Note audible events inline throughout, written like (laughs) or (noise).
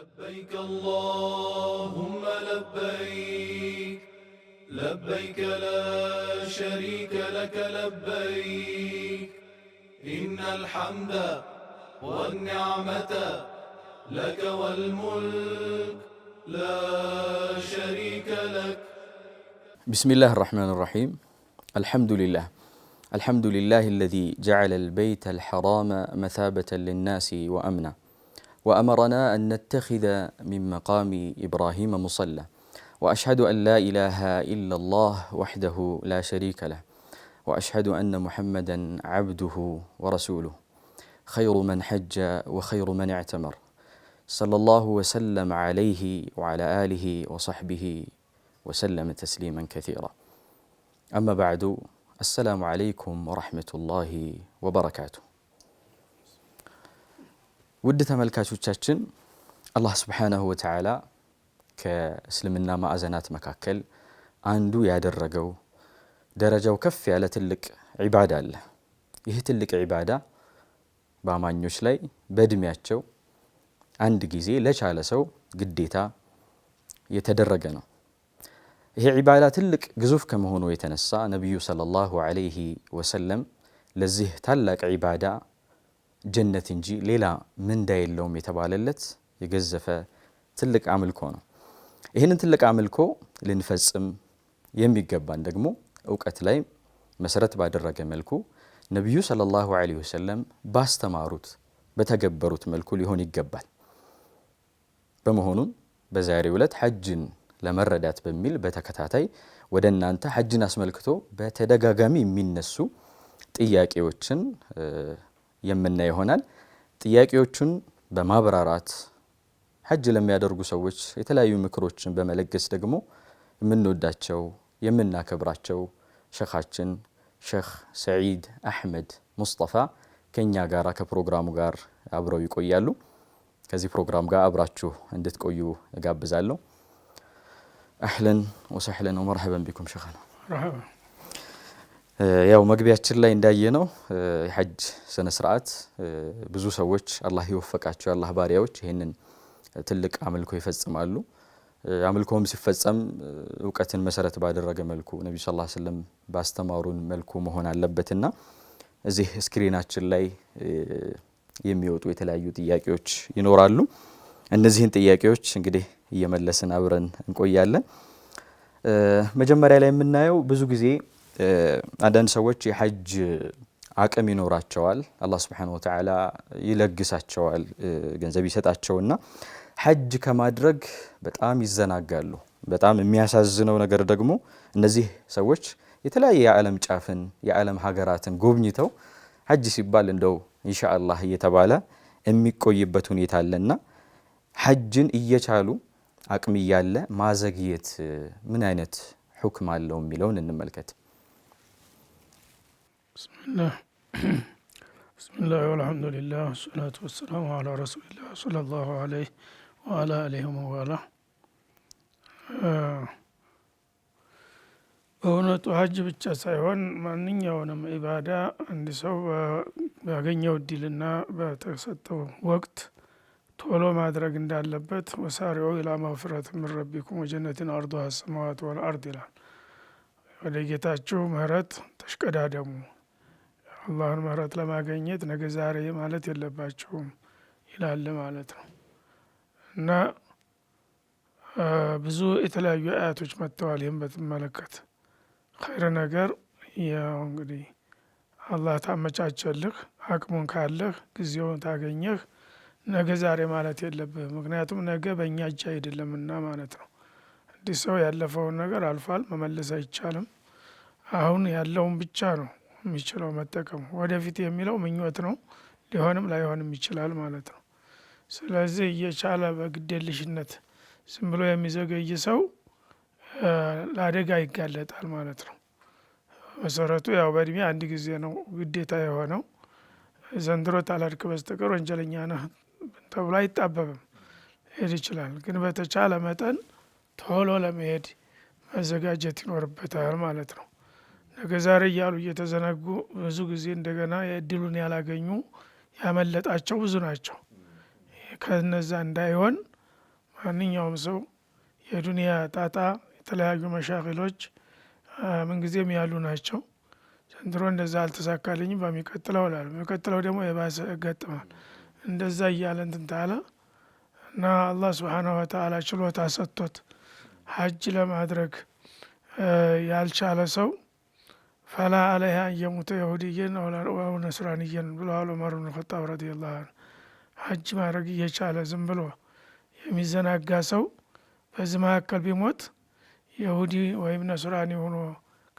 لبيك اللهم لبيك لبيك لا شريك لك لبيك إن الحمد والنعمة لك والملك لا شريك لك بسم الله الرحمن الرحيم الحمد لله الحمد لله الذي جعل البيت الحرام مثابة للناس وأمنا وامرنا ان نتخذ من مقام ابراهيم مصلى واشهد ان لا اله الا الله وحده لا شريك له واشهد ان محمدا عبده ورسوله خير من حج وخير من اعتمر صلى الله وسلم عليه وعلى اله وصحبه وسلم تسليما كثيرا اما بعد السلام عليكم ورحمه الله وبركاته ውድ ተመልካቾቻችን አላህ ስብሓነሁ ወተዓላ ከእስልምና ማዕዘናት መካከል አንዱ ያደረገው ደረጃው ከፍ ያለ ትልቅ ዒባዳ አለ። ይህ ትልቅ ዒባዳ በአማኞች ላይ በእድሜያቸው አንድ ጊዜ ለቻለ ሰው ግዴታ የተደረገ ነው። ይሄ ዒባዳ ትልቅ ግዙፍ ከመሆኑ የተነሳ ነቢዩ ሰለላሁ ዐለይሂ ወሰለም ለዚህ ታላቅ ዒባዳ ጀነት እንጂ ሌላ ምንዳ የለውም የተባለለት የገዘፈ ትልቅ አምልኮ ነው። ይህንን ትልቅ አምልኮ ልንፈጽም የሚገባን ደግሞ እውቀት ላይ መሰረት ባደረገ መልኩ ነቢዩ ሰለላሁ ዐለይሂ ወሰለም ባስተማሩት በተገበሩት መልኩ ሊሆን ይገባል። በመሆኑም በዛሬው ዕለት ሐጅን ለመረዳት በሚል በተከታታይ ወደ እናንተ ሐጅን አስመልክቶ በተደጋጋሚ የሚነሱ ጥያቄዎችን የምና ይሆናል። ጥያቄዎቹን በማብራራት ሐጅ ለሚያደርጉ ሰዎች የተለያዩ ምክሮችን በመለገስ ደግሞ የምንወዳቸው የምናከብራቸው ሸኻችን ሸኽ ሰዒድ አሕመድ ሙስጠፋ ከእኛ ጋር ከፕሮግራሙ ጋር አብረው ይቆያሉ። ከዚህ ፕሮግራም ጋር አብራችሁ እንድትቆዩ እጋብዛለሁ። አህለን ወሰህለን ወመርሐበን ቢኩም ሸኸና ያው መግቢያችን ላይ እንዳየ ነው የሐጅ ስነ ስርዓት ብዙ ሰዎች አላህ የወፈቃቸው የአላህ ባሪያዎች ይህንን ትልቅ አምልኮ ይፈጽማሉ። አምልኮም ሲፈጸም እውቀትን መሰረት ባደረገ መልኩ ነቢዩ ሰለላሁ ዐለይሂ ወሰለም ባስተማሩን መልኩ መሆን አለበትና እዚህ ስክሪናችን ላይ የሚወጡ የተለያዩ ጥያቄዎች ይኖራሉ። እነዚህን ጥያቄዎች እንግዲህ እየመለስን አብረን እንቆያለን። መጀመሪያ ላይ የምናየው ብዙ ጊዜ አንዳንድ ሰዎች የሐጅ አቅም ይኖራቸዋል። አላህ ስብሓነሁ ወተዓላ ይለግሳቸዋል፣ ገንዘብ ይሰጣቸውና ሐጅ ከማድረግ በጣም ይዘናጋሉ። በጣም የሚያሳዝነው ነገር ደግሞ እነዚህ ሰዎች የተለያየ የዓለም ጫፍን የዓለም ሀገራትን ጎብኝተው ሐጅ ሲባል እንደው ኢንሻአላህ እየተባለ የሚቆይበት ሁኔታ አለና ሐጅን እየቻሉ አቅም እያለ ማዘግየት ምን አይነት ሑክም አለው የሚለውን እንመልከት። Bismillah. (clears throat) Bismillah ve elhamdülillah. Salatu vesselamu ala Resulillah sallallahu aleyhi ve ala aleyhi ve ala. በእውነቱ ሀጅ ብቻ ሳይሆን ማንኛውንም ኢባዳ አንድ ሰው ባገኘው እድልና በተሰጠው ወቅት ቶሎ ማድረግ እንዳለበት ወሳሪዑ ኢላ መፍረት ምን ረቢኩም ወጀነትን አርዱ ሰማዋት ወልአርድ ይላል። ወደ ጌታችሁ ምህረት ተሽቀዳደሙ አላህን ምህረት ለማገኘት ነገ ዛሬ ማለት የለባቸውም ይላል ማለት ነው። እና ብዙ የተለያዩ አያቶች መጥተዋል። ይህም በትመለከት ኸይር ነገር ያው እንግዲህ አላህ ታመቻቸልህ፣ አቅሙን ካለህ፣ ጊዜውን ታገኘህ ነገ ዛሬ ማለት የለብህ። ምክንያቱም ነገ በእኛ እጅ አይደለምና ማለት ነው። እንዲህ ሰው ያለፈውን ነገር አልፏል፣ መመለስ አይቻልም። አሁን ያለውን ብቻ ነው የሚችለው መጠቀም ወደፊት የሚለው ምኞት ነው። ሊሆንም ላይሆንም ይችላል ማለት ነው። ስለዚህ እየቻለ በግዴለሽነት ዝም ብሎ የሚዘገይ ሰው ለአደጋ ይጋለጣል ማለት ነው። መሰረቱ ያው በእድሜ አንድ ጊዜ ነው ግዴታ የሆነው። ዘንድሮ ታላድክ በስተቀር ወንጀለኛ ነህ ተብሎ አይጣበብም፣ ሄድ ይችላል። ግን በተቻለ መጠን ቶሎ ለመሄድ መዘጋጀት ይኖርበታል ማለት ነው። ነገ ዛሬ እያሉ እየተዘነጉ ብዙ ጊዜ እንደገና የእድሉን ያላገኙ ያመለጣቸው ብዙ ናቸው። ከነዛ እንዳይሆን ማንኛውም ሰው የዱንያ ጣጣ፣ የተለያዩ መሻክሎች ምንጊዜም ያሉ ናቸው። ዘንድሮ እንደዛ አልተሳካልኝም በሚቀጥለው ላሉ የሚቀጥለው ደግሞ የባሰ እገጥማል። እንደዛ እያለ እንትን ታለ እና አላህ ስብሓነሁ ወተዓላ ችሎታ ሰጥቶት ሀጅ ለማድረግ ያልቻለ ሰው ፈላ አለይሃ አንየሙተ የሁድየን አው ነስራንየን ብለዋል ዑመር ብን ኸጣብ ረዲየላሁ አንሁ። ሀጅ ማድረግ እየቻለ ዝም ብሎ የሚዘናጋ ሰው በዚህ መካከል ቢሞት የሁዲ ወይም ነስራኒ ሆኖ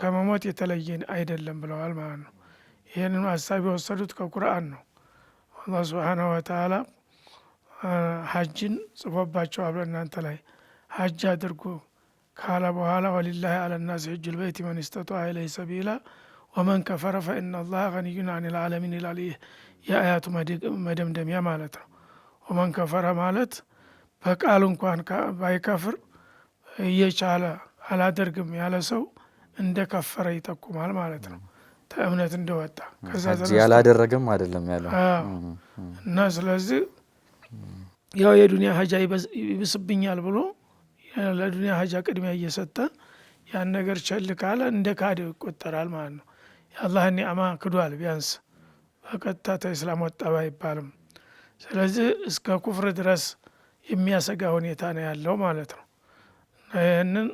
ከመሞት የተለየ አይደለም ብለዋል ማለት ነው። ይህንን ሀሳብ የወሰዱት ከቁርአን ነው። አላህ ሱብሓነሁ ወተዓላ ሀጅን ጽፎባቸዋል እናንተ ላይ ሀጅ አድርጉ ካለ በኋላ ወሊላህ አለናስ ሕጅ ልበይት መን ስተጣ ኢለይሂ ሰቢላ ወመን ከፈረ ፈኢና ላህ ገኒዩን አን ልዓለሚን ይላል። ይህ የአያቱ መደምደሚያ ማለት ነው። ወመን ከፈረ ማለት በቃል እንኳን ባይከፍር እየቻለ አላደርግም ያለ ሰው እንደ ከፈረ ይጠቁማል ማለት ነው። ተእምነት እንደወጣ ከዛ ያላደረገም አይደለም ያለው እና ስለዚህ ያው የዱኒያ ሀጃ ይብስብኛል ብሎ ለዱኒያ ሀጃ ቅድሚያ እየሰጠ ያን ነገር ቸል ካለ እንደ ካደ ይቆጠራል ማለት ነው። የአላህ ኒዕማ ክዷል። ቢያንስ በቀጥታ ተእስላም ወጣ አይባልም። ስለዚህ እስከ ኩፍር ድረስ የሚያሰጋ ሁኔታ ነው ያለው ማለት ነው። ይህንን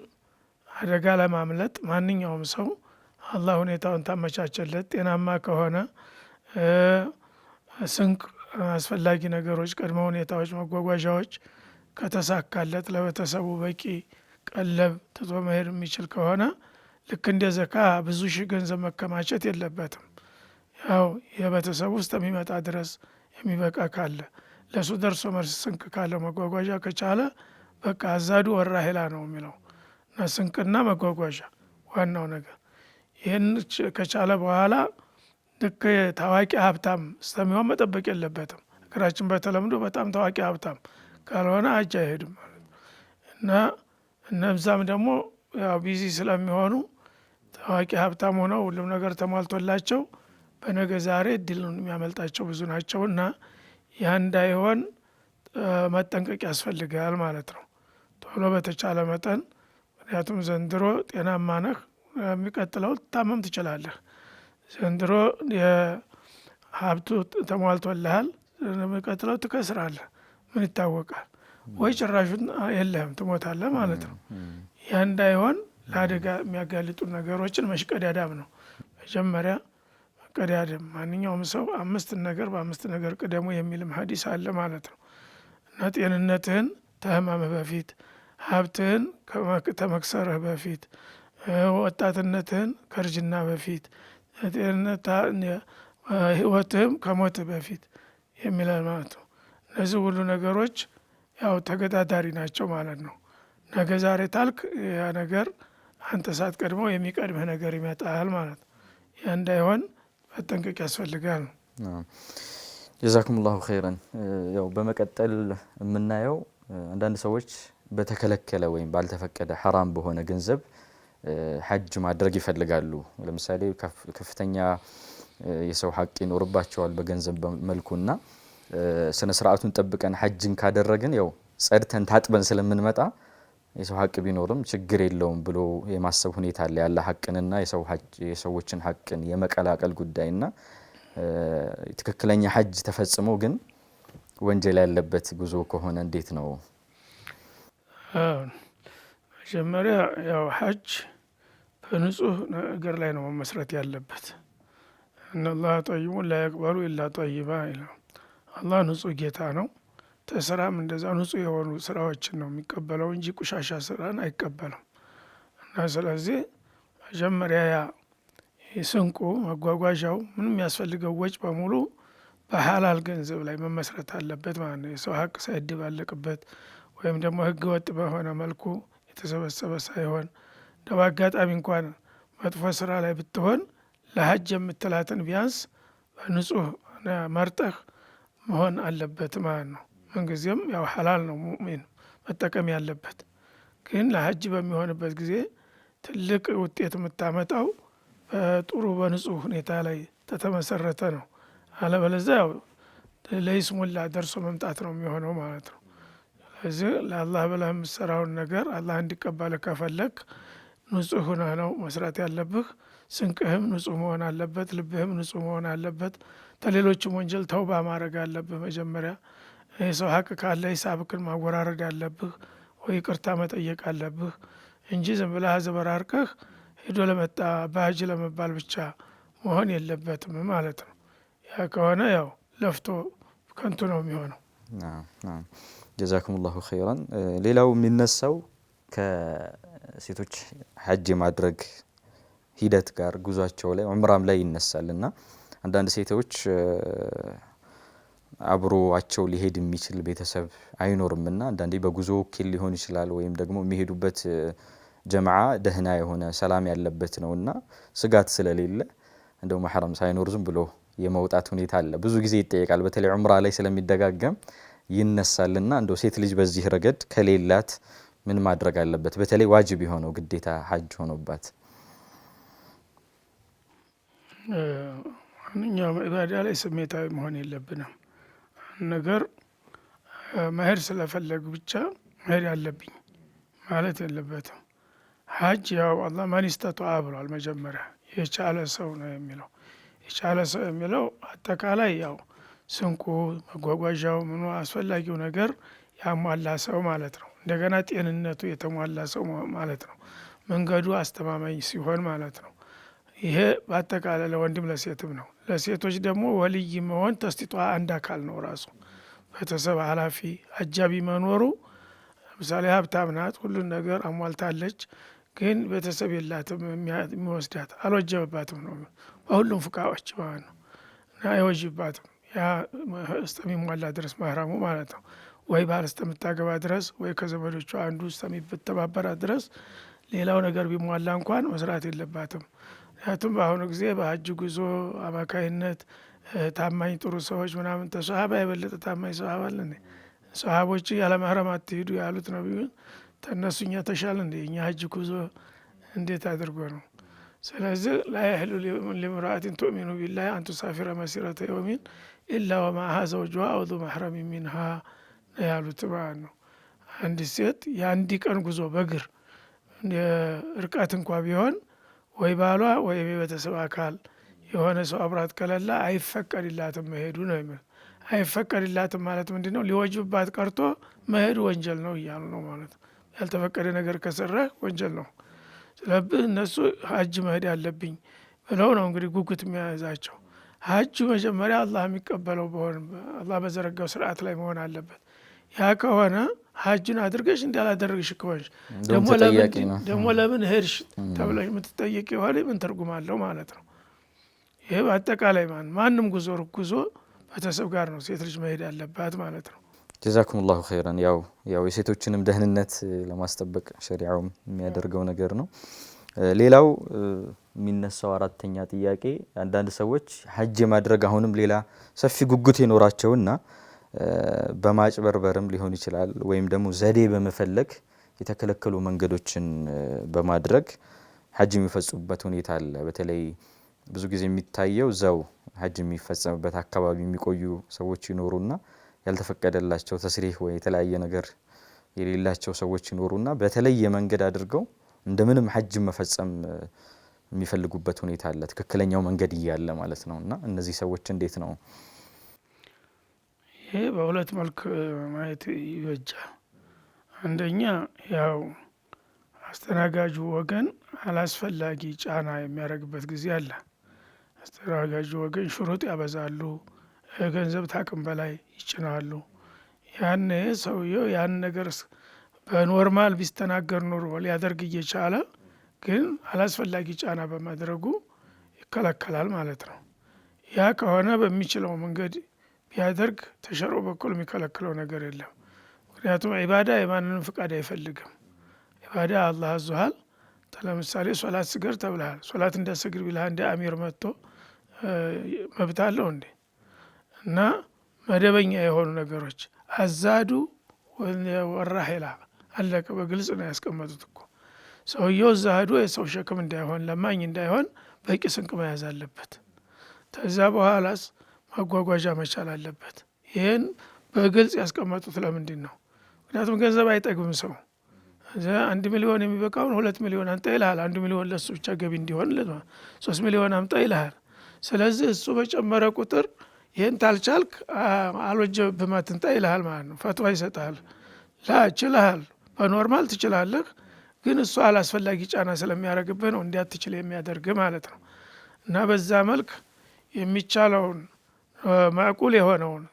አደጋ ለማምለጥ ማንኛውም ሰው አላህ ሁኔታውን ታመቻቸለት፣ ጤናማ ከሆነ ስንቅ፣ አስፈላጊ ነገሮች፣ ቅድመ ሁኔታዎች፣ መጓጓዣዎች ከተሳካለት ለቤተሰቡ በቂ ቀለብ ትቶ መሄድ የሚችል ከሆነ ልክ እንደ ዘካ ብዙ ሺ ገንዘብ መከማቸት የለበትም። ያው የቤተሰቡ ውስጥ የሚመጣ ድረስ የሚበቃ ካለ ለእሱ ደርሶ መልስ ስንቅ ካለው መጓጓዣ ከቻለ በቃ አዛዱ ወራሂላ ነው የሚለው እና ስንቅና መጓጓዣ ዋናው ነገር። ይህን ከቻለ በኋላ ልክ ታዋቂ ሀብታም እስከሚሆን መጠበቅ የለበትም። ሀገራችን በተለምዶ በጣም ታዋቂ ሀብታም ካልሆነ አጅ አይሄድም ማለት ነው። እና እነብዛም ደግሞ ያው ቢዚ ስለሚሆኑ ታዋቂ ሀብታም ሆነው ሁሉም ነገር ተሟልቶላቸው በነገ ዛሬ እድል የሚያመልጣቸው ብዙ ናቸው እና ያ እንዳይሆን መጠንቀቅ ያስፈልጋል ማለት ነው። ቶሎ በተቻለ መጠን ምክንያቱም ዘንድሮ ጤናማ ነህ፣ የሚቀጥለው ልታመም ትችላለህ። ዘንድሮ የሀብቱ ተሟልቶልሃል፣ የሚቀጥለው ትከስራለህ። ምን ይታወቃል ወይ ጭራሹን የለህም ትሞታለ ማለት ነው። ያ እንዳይሆን ለአደጋ የሚያጋልጡ ነገሮችን መሽቀዳዳም ነው። መጀመሪያ መቀዳደም ማንኛውም ሰው አምስት ነገር በአምስት ነገር ቅደሙ የሚልም ሀዲስ አለ ማለት ነው እና ጤንነትህን ተህማምህ በፊት ሀብትህን ተመክሰርህ በፊት ወጣትነትህን ከእርጅና በፊት ህይወትህም ከሞትህ በፊት የሚላል ማለት ነው። እነዚህ ሁሉ ነገሮች ያው ተገዳዳሪ ናቸው ማለት ነው። ነገ ዛሬ ታልክ ያ ነገር አንተ ቀድሞ የሚቀድምህ ነገር ይመጣል ማለት ነው። ያ እንዳይሆን መጠንቀቅ ያስፈልጋል። ጀዛኩሙላሁ ኸይረን። ያው በመቀጠል የምናየው አንዳንድ ሰዎች በተከለከለ ወይም ባልተፈቀደ ሐራም በሆነ ገንዘብ ሐጅ ማድረግ ይፈልጋሉ። ለምሳሌ ከፍተኛ የሰው ሀቅ ይኖርባቸዋል በገንዘብ መልኩና ስነ ስርዓቱን ጠብቀን ሐጅን ካደረግን ያው ጸድተን ታጥበን ስለምንመጣ የሰው ሀቅ ቢኖርም ችግር የለውም ብሎ የማሰብ ሁኔታ አለ። ያለ ሀቅንና የሰዎችን ሀቅን የመቀላቀል ጉዳይና ትክክለኛ ሐጅ ተፈጽሞ ግን ወንጀል ያለበት ጉዞ ከሆነ እንዴት ነው? መጀመሪያ ያው ሐጅ በንጹህ ነገር ላይ ነው መመስረት ያለበት። እነ ላ ጠይቡን ላ ኢላ ጠይባ ይለው አላህ ንጹህ ጌታ ነው። ተስራም እንደዛ ንጹህ የሆኑ ስራዎችን ነው የሚቀበለው እንጂ ቁሻሻ ስራን አይቀበልም። እና ስለዚህ መጀመሪያ ያ ስንቁ መጓጓዣው ምንም የሚያስፈልገው ወጭ በሙሉ በሀላል ገንዘብ ላይ መመስረት አለበት ማለት ነው። የሰው ሀቅ ሳይደባለቅበት ወይም ደግሞ ህገ ወጥ በሆነ መልኩ የተሰበሰበ ሳይሆን እንደ አጋጣሚ እንኳን መጥፎ ስራ ላይ ብትሆን ለሀጅ የምትላትን ቢያንስ በንጹህ መርጠህ መሆን አለበት ማለት ነው። ምንጊዜም ያው ሐላል ነው ሙእሚን መጠቀም ያለበት ግን ለሀጅ በሚሆንበት ጊዜ ትልቅ ውጤት የምታመጣው በጥሩ በንጹህ ሁኔታ ላይ ተተመሰረተ ነው። አለበለዚያ ያው ለይስሙላ ደርሶ መምጣት ነው የሚሆነው ማለት ነው። ስለዚህ ለአላህ ብለህ የምትሰራውን ነገር አላህ እንዲቀበልህ ከፈለግ ንጹህ ሆነህ ነው መስራት ያለብህ። ስንቅህም ንጹህ መሆን አለበት፣ ልብህም ንጹህ መሆን አለበት። ተሌሎችም ወንጀል ተውባ ማድረግ አለብህ። መጀመሪያ የሰው ሀቅ ካለ ሂሳብክን ማወራረድ አለብህ ወይ ይቅርታ መጠየቅ አለብህ እንጂ ዝም ብለህ አዘበራርቀህ ሄዶ ለመጣ ባህጅ ለመባል ብቻ መሆን የለበትም ማለት ነው። ያ ከሆነ ያው ለፍቶ ከንቱ ነው የሚሆነው። ጀዛኩም ላሁ ኸይራን። ሌላው የሚነሳው ሴቶች ሀጅ የማድረግ ሂደት ጋር ጉዟቸው ላይ ዑምራም ላይ ይነሳል እና አንዳንድ ሴቶች አብሮቸው ሊሄድ የሚችል ቤተሰብ አይኖርም እና አንዳንዴ በጉዞ ወኪል ሊሆን ይችላል ወይም ደግሞ የሚሄዱበት ጀምዓ ደህና የሆነ ሰላም ያለበት ነው እና ስጋት ስለሌለ እንደው ማህረም ሳይኖር ዝም ብሎ የመውጣት ሁኔታ አለ። ብዙ ጊዜ ይጠየቃል። በተለይ ዑምራ ላይ ስለሚደጋገም ይነሳልና እንደው ሴት ልጅ በዚህ ረገድ ከሌላት ምን ማድረግ አለበት? በተለይ ዋጅብ የሆነው ግዴታ ሀጅ ሆኖባት ማንኛውም ኢባዳ ላይ ስሜታዊ መሆን የለብንም። ነገር መሄድ ስለፈለግ ብቻ መሄድ አለብኝ ማለት የለበትም። ሀጅ ያው አላህ መኒስተቱ ይስተጣዐ መጀመሪያ የቻለ ሰው ነው የሚለው የቻለ ሰው የሚለው አጠቃላይ ያው ስንቁ መጓጓዣው ምኑ አስፈላጊው ነገር ያሟላ ሰው ማለት ነው። እንደገና ጤንነቱ የተሟላ ሰው ማለት ነው። መንገዱ አስተማማኝ ሲሆን ማለት ነው። ይሄ በአጠቃላይ ለወንድም ለሴትም ነው። ለሴቶች ደግሞ ወልይ መሆን ተስቲጧ አንድ አካል ነው። ራሱ ቤተሰብ ኃላፊ አጃቢ መኖሩ ለምሳሌ ሀብታም ናት፣ ሁሉን ነገር አሟልታለች፣ ግን ቤተሰብ የላትም የሚወስዳት አልወጀብባትም ነው በሁሉም ፍቃዎች ማለት ነው እና አይወጅባትም ያ እስከሚሟላ ድረስ መህረሙ ማለት ነው። ወይ ባል እስከምታገባ ድረስ ወይ ከዘመዶቹ አንዱ እስከሚተባበራት ድረስ ሌላው ነገር ቢሟላ እንኳን መስራት የለባትም። ምክንያቱም በአሁኑ ጊዜ በሀጅ ጉዞ አማካይነት ታማኝ ጥሩ ሰዎች ምናምን ተሰሀባ የበለጠ ታማኝ ሰሀባ አለ። ሰሀቦች ያለመህረም አትሄዱ ያሉት ነቢዩን ተነሱ እኛ ተሻል እንዴ? እኛ ሀጅ ጉዞ እንዴት አድርጎ ነው? ስለዚህ ላያህሉ ሊምራአትን ቱእሚኑ ቢላህ አንቱሳፊረ መሲረተ የውሚን ኢላ ወማሀ ዘውጅዋ አውዱ መሕረም ሚንሃ ያሉት ማለት ነው። አንዲት ሴት የአንድ ቀን ጉዞ በእግር እርቀት እንኳ ቢሆን ወይ ባሏ ወይ የቤተሰብ አካል የሆነ ሰው አብራት ከለላ አይፈቀድላትም መሄዱ ነው የሚለው። አይፈቀድላትም ማለት ምንድ ነው? ሊወጅብባት ቀርቶ መሄዱ ወንጀል ነው እያሉ ነው ማለት ነው። ያልተፈቀደ ነገር ከሰረ ወንጀል ነው። ስለዚህ እነሱ ሀጅ መሄድ አለብኝ ብለው ነው እንግዲህ ጉጉት የሚያዛቸው። ሀጅ መጀመሪያ አላህ የሚቀበለው በሆን አላህ በዘረጋው ስርዓት ላይ መሆን አለበት። ያ ከሆነ ሀጅን አድርገሽ እንዳላደረግሽ ከሆንሽ ደግሞ ለምን ሄድሽ ተብለሽ የምትጠየቅ የሆነ ምን ትርጉም አለው ማለት ነው። ይህ በአጠቃላይ ማን ማንም ጉዞ ሩቅ ጉዞ ቤተሰብ ጋር ነው ሴት ልጅ መሄድ ያለባት ማለት ነው። ጀዛኩም ላሁ ኸይረን። ያው ያው የሴቶችንም ደህንነት ለማስጠበቅ ሸሪዓውም የሚያደርገው ነገር ነው። ሌላው የሚነሳው አራተኛ ጥያቄ አንዳንድ ሰዎች ሀጅ የማድረግ አሁንም ሌላ ሰፊ ጉጉት ይኖራቸውና በማጭበርበርም ሊሆን ይችላል ወይም ደግሞ ዘዴ በመፈለግ የተከለከሉ መንገዶችን በማድረግ ሀጅ የሚፈጽሙበት ሁኔታ አለ። በተለይ ብዙ ጊዜ የሚታየው ዘው ሀጅ የሚፈጸምበት አካባቢ የሚቆዩ ሰዎች ይኖሩና ያልተፈቀደላቸው ተስሪህ ወይ የተለያየ ነገር የሌላቸው ሰዎች ይኖሩና በተለየ መንገድ አድርገው እንደምንም ሀጅ መፈጸም የሚፈልጉበት ሁኔታ አለ። ትክክለኛው መንገድ እያለ ማለት ነው። እና እነዚህ ሰዎች እንዴት ነው ይሄ በሁለት መልክ ማየት ይበጃል። አንደኛ ያው አስተናጋጁ ወገን አላስፈላጊ ጫና የሚያደርግበት ጊዜ አለ። አስተናጋጁ ወገን ሽሩጥ ያበዛሉ፣ ገንዘብ ታቅም በላይ ይጭናሉ። ያኔ ሰውየው ያን ነገር በኖርማል ቢስተናገር ኖሮ ሊያደርግ እየቻለ ግን አላስፈላጊ ጫና በማድረጉ ይከለከላል ማለት ነው። ያ ከሆነ በሚችለው መንገድ ያደርግ ተሸሮ በኩል የሚከለክለው ነገር የለም። ምክንያቱም ዒባዳ የማንንም ፍቃድ አይፈልግም። ዒባዳ አላህ አዙሃል። ለምሳሌ ሶላት ስገር ተብልሃል። ሶላት እንደ እንዳሰግድ ቢልሃ እንደ አሚር መጥቶ መብት አለው እንዴ? እና መደበኛ የሆኑ ነገሮች አዛዱ ወራሄላ አለቀ። በግልጽ ነው ያስቀመጡት እኮ ሰውየው ዛህዶ የሰው ሸክም እንዳይሆን ለማኝ እንዳይሆን በቂ ስንቅ መያዝ አለበት። ከዛ በኋላስ መጓጓዣ መቻል አለበት። ይህን በግልጽ ያስቀመጡት ለምንድን ነው? ምክንያቱም ገንዘብ አይጠግብም ሰው አንድ ሚሊዮን የሚበቃውን ሁለት ሚሊዮን አምጣ ይልሃል። አንዱ ሚሊዮን ለሱ ብቻ ገቢ እንዲሆን ሶስት ሚሊዮን አምጣ ይልሃል። ስለዚህ እሱ በጨመረ ቁጥር ይህን ታልቻልክ አልወጀብህም አትምጣ ይልሃል ማለት ነው። ፈትዋ ይሰጥሃል። ላ ችልሃል፣ በኖርማል ትችላለህ፣ ግን እሱ አላስፈላጊ ጫና ስለሚያደርግብህ ነው እንዲያትችል የሚያደርግ ማለት ነው። እና በዛ መልክ የሚቻለውን ማዕቁል የሆነውን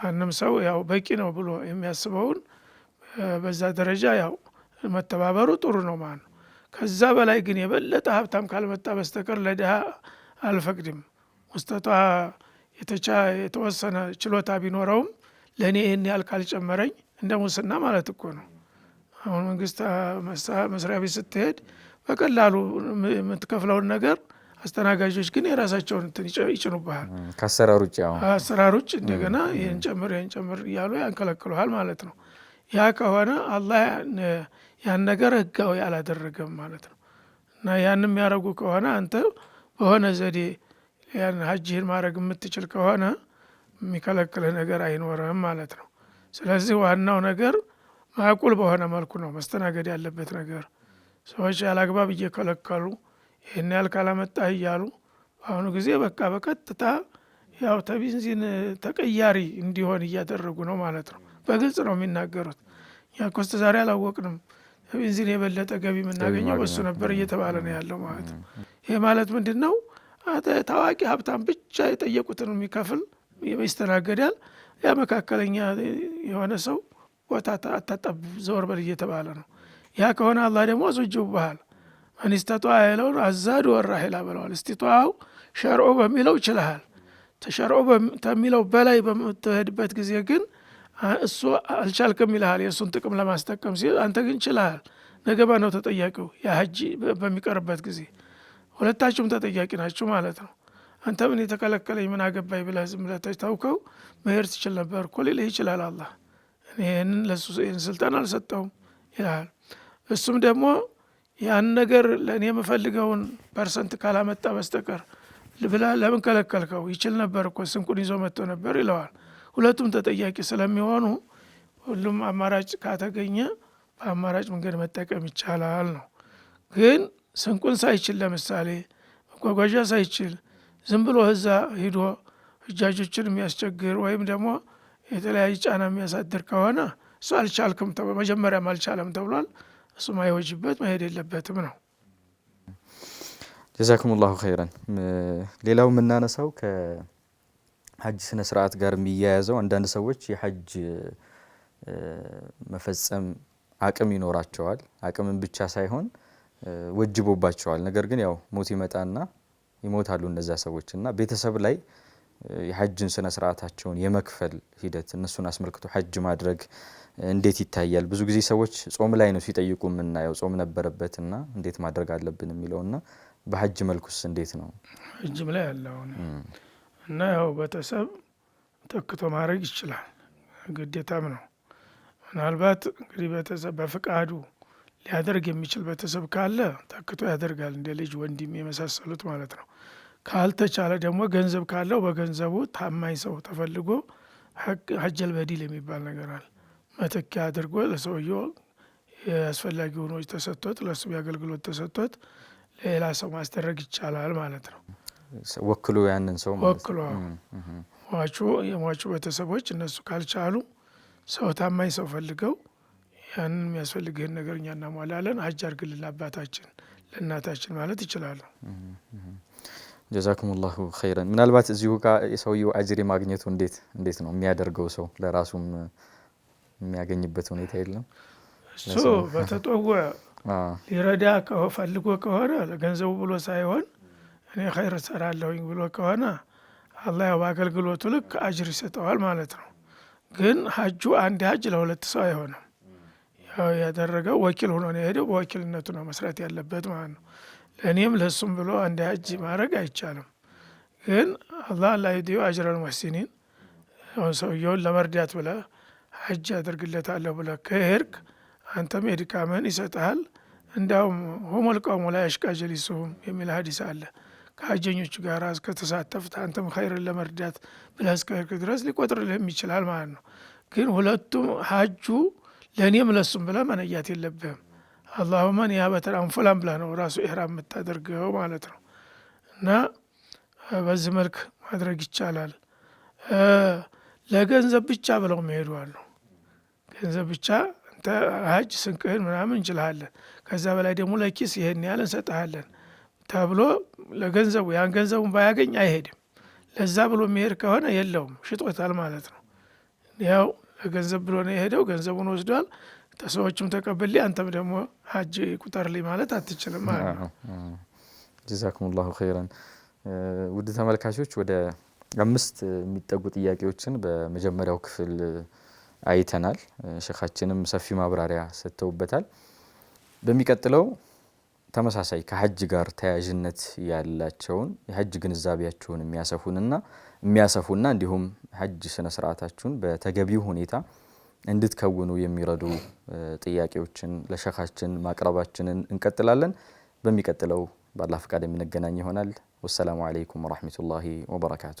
ማንም ሰው ያው በቂ ነው ብሎ የሚያስበውን በዛ ደረጃ ያው መተባበሩ ጥሩ ነው ማለት ነው። ከዛ በላይ ግን የበለጠ ሀብታም ካልመጣ በስተቀር ለድሃ አልፈቅድም። ውስጠቷ የተወሰነ ችሎታ ቢኖረውም ለእኔ ይህን ያህል ካልጨመረኝ እንደ ሙስና ማለት እኮ ነው። አሁን መንግስት መስሪያ ቤት ስትሄድ በቀላሉ የምትከፍለውን ነገር አስተናጋጆች ግን የራሳቸውን እንትን ይጭኑብሃል። ከአሰራር ውጭ አሰራር ውጭ እንደገና ይህን ጨምር ይህን ጨምር እያሉ ያንከለክሉሃል ማለት ነው። ያ ከሆነ አላህ ያን ነገር ህጋዊ አላደረገም ማለት ነው። እና ያን የሚያደርጉ ከሆነ አንተ በሆነ ዘዴ ያን ሀጅህን ማድረግ የምትችል ከሆነ የሚከለክልህ ነገር አይኖርህም ማለት ነው። ስለዚህ ዋናው ነገር ማዕቁል በሆነ መልኩ ነው መስተናገድ ያለበት ነገር። ሰዎች ያለ አግባብ እየከለከሉ ይህን ያህል ካላመጣህ እያሉ በአሁኑ ጊዜ በቃ በቀጥታ ያው ተቢንዚን ተቀያሪ እንዲሆን እያደረጉ ነው ማለት ነው። በግልጽ ነው የሚናገሩት። እኛ እኮ እስከ ዛሬ አላወቅንም፣ ተቢንዚን የበለጠ ገቢ የምናገኘው በሱ ነበር እየተባለ ነው ያለው ማለት ነው። ይህ ማለት ምንድን ነው? ታዋቂ ሀብታም ብቻ የጠየቁትን የሚከፍል ይስተናገዳል። ያ መካከለኛ የሆነ ሰው ቦታ አታጠብ፣ ዘወር በል እየተባለ ነው። ያ ከሆነ አላህ ደግሞ ዙጅው ባህል አንስተጧ ያለውን አዛድ ወራሄላ ብለዋል። እስቲጧው ሸርኦ በሚለው ይችልሃል። ተሸርኦ ከሚለው በላይ በምትሄድበት ጊዜ ግን እሱ አልቻልክም ይልሃል። የእሱን ጥቅም ለማስጠቀም ሲል አንተ ግን ችልሃል። ነገባ ነው ተጠያቂው? የሀጂ በሚቀርበት ጊዜ ሁለታችሁም ተጠያቂ ናችሁ ማለት ነው። አንተ ምን የተከለከለኝ ምን አገባኝ ብለህ ዝም ብለህ ታውከው መሄድ ትችል ነበር እኮ ሊልህ ይችላል። አላህ ይህንን ለሱ ይህን ስልጣን አልሰጠውም ይልሃል። እሱም ደግሞ ያን ነገር ለእኔ የምፈልገውን ፐርሰንት ካላመጣ በስተቀር ብላ ለምን ከለከልከው? ይችል ነበር እኮ ስንቁን ይዞ መጥቶ ነበር ይለዋል። ሁለቱም ተጠያቂ ስለሚሆኑ ሁሉም አማራጭ ካተገኘ በአማራጭ መንገድ መጠቀም ይቻላል ነው። ግን ስንቁን ሳይችል ለምሳሌ መጓጓዣ ሳይችል ዝም ብሎ እዛ ሂዶ እጃጆችን የሚያስቸግር ወይም ደግሞ የተለያዩ ጫና የሚያሳድር ከሆነ እሱ አልቻልክም፣ መጀመሪያም አልቻለም ተብሏል። እሱ ማይወጅበት መሄድ የለበትም ነው። ጀዛኩም ላሁ ኸይረን። ሌላው የምናነሳው ከሀጅ ስነ ስርዓት ጋር የሚያያዘው አንዳንድ ሰዎች የሀጅ መፈጸም አቅም ይኖራቸዋል። አቅምን ብቻ ሳይሆን ወጅቦባቸዋል። ነገር ግን ያው ሞት ይመጣና ይሞታሉ እነዚያ ሰዎች እና ቤተሰብ ላይ የሀጅን ስነ ስርዓታቸውን የመክፈል ሂደት እነሱን አስመልክቶ ሀጅ ማድረግ እንዴት ይታያል? ብዙ ጊዜ ሰዎች ጾም ላይ ነው ሲጠይቁ የምናየው። ጾም ነበረበት እና እንዴት ማድረግ አለብን የሚለው እና በሀጅ መልኩስ እንዴት ነው? ሀጅም ላይ ያለው እና ያው ቤተሰብ ተክቶ ማድረግ ይችላል፣ ግዴታም ነው። ምናልባት እንግዲህ ቤተሰብ በፍቃዱ ሊያደርግ የሚችል ቤተሰብ ካለ ተክቶ ያደርጋል፣ እንደ ልጅ ወንድም የመሳሰሉት ማለት ነው። ካልተቻለ ደግሞ ገንዘብ ካለው በገንዘቡ ታማኝ ሰው ተፈልጎ ሀጀል በዲል የሚባል ነገር አለ መተኪያ አድርጎ ለሰውየው አስፈላጊ ሆኖች ተሰጥቶት ለሱ የአገልግሎት ተሰጥቶት ሌላ ሰው ማስደረግ ይቻላል ማለት ነው። ወክሎ ያንን ሰው ወክሎ ሟቹ የሟቹ ቤተሰቦች እነሱ ካልቻሉ ሰው ታማኝ ሰው ፈልገው ያንን የሚያስፈልግህን ነገር እኛ እናሟላለን፣ ሀጅ አርግልን ለአባታችን ለእናታችን ማለት ይችላሉ። ጀዛኩም ላሁ ኸይረን። ምናልባት እዚሁ ጋር የሰውየው አጅር ማግኘቱ እንዴት እንዴት ነው የሚያደርገው ሰው ለራሱም የሚያገኝበት ሁኔታ የለም። እሱ በተጠወ (laughs) ሊረዳ ፈልጎ ከሆነ ለገንዘቡ ብሎ ሳይሆን እኔ ኸይር ሰራለሁኝ ብሎ ከሆነ አላህ ያው በአገልግሎቱ ልክ አጅር ይሰጠዋል ማለት ነው። ግን ሀጁ አንድ ሀጅ ለሁለት ሰው አይሆንም። ያው ያደረገው ወኪል ሆኖ ነው የሄደው። በወኪልነቱ ነው መስራት ያለበት ማለት ነው። ለእኔም ለእሱም ብሎ አንድ ሀጅ ማድረግ አይቻልም። ግን አላህ ላዩዲዩ አጅረል ሙሕሲኒን ሰውየውን ለመርዳት ብለህ ሀጅ አድርግለታለሁ ብለ ከሄድክ አንተ ሜዲካመን ይሰጥሃል። እንዲያውም ሆሞል ላይ ላ ጀሊሱሁም የሚል ሀዲስ አለ። ከሀጀኞቹ ጋር እስከተሳተፍት አንተም ኸይርን ለመርዳት ብለህ እስከሄድክ ድረስ ሊቆጥርልህም ይችላል ማለት ነው። ግን ሁለቱም ሀጁ ለእኔም ለሱም ብለህ መነያት የለብህም። አላሁመ ኒያበተን አን ፉላን ብለህ ነው ራሱ ኢሕራም የምታደርገው ማለት ነው። እና በዚህ መልክ ማድረግ ይቻላል። ለገንዘብ ብቻ ብለው መሄዱ አሉ። ገንዘብ ብቻ ሀጅ ስንቅህን ምናምን እንችልሃለን፣ ከዛ በላይ ደግሞ ለኪስ ይሄን ያህል እንሰጥሃለን ተብሎ ለገንዘቡ ያን ገንዘቡን ባያገኝ አይሄድም። ለዛ ብሎ የሚሄድ ከሆነ የለውም ሽጦታል ማለት ነው። ያው ለገንዘብ ብሎ ነው የሄደው፣ ገንዘቡን ወስዷል። ተሰዎችም ተቀብል አንተም ደግሞ ሀጅ ቁጠርልኝ ማለት አትችልም ማለት ነው። ጀዛኩሙላሁ ኸይረን። ውድ ተመልካቾች ወደ አምስት የሚጠጉ ጥያቄዎችን በመጀመሪያው ክፍል አይተናል። ሸካችንም ሰፊ ማብራሪያ ሰጥተውበታል። በሚቀጥለው ተመሳሳይ ከሀጅ ጋር ተያያዥነት ያላቸውን የሐጅ ግንዛቤያችሁን የሚያሰፉንና የሚያሰፉና እንዲሁም ሀጅ ስነ ስርዓታችሁን በተገቢው ሁኔታ እንድትከውኑ የሚረዱ ጥያቄዎችን ለሸካችን ማቅረባችንን እንቀጥላለን። በሚቀጥለው በአላ ፍቃድ የምንገናኝ ይሆናል። ወሰላሙ አለይኩም ወረሕመቱላሂ ወበረካቱ።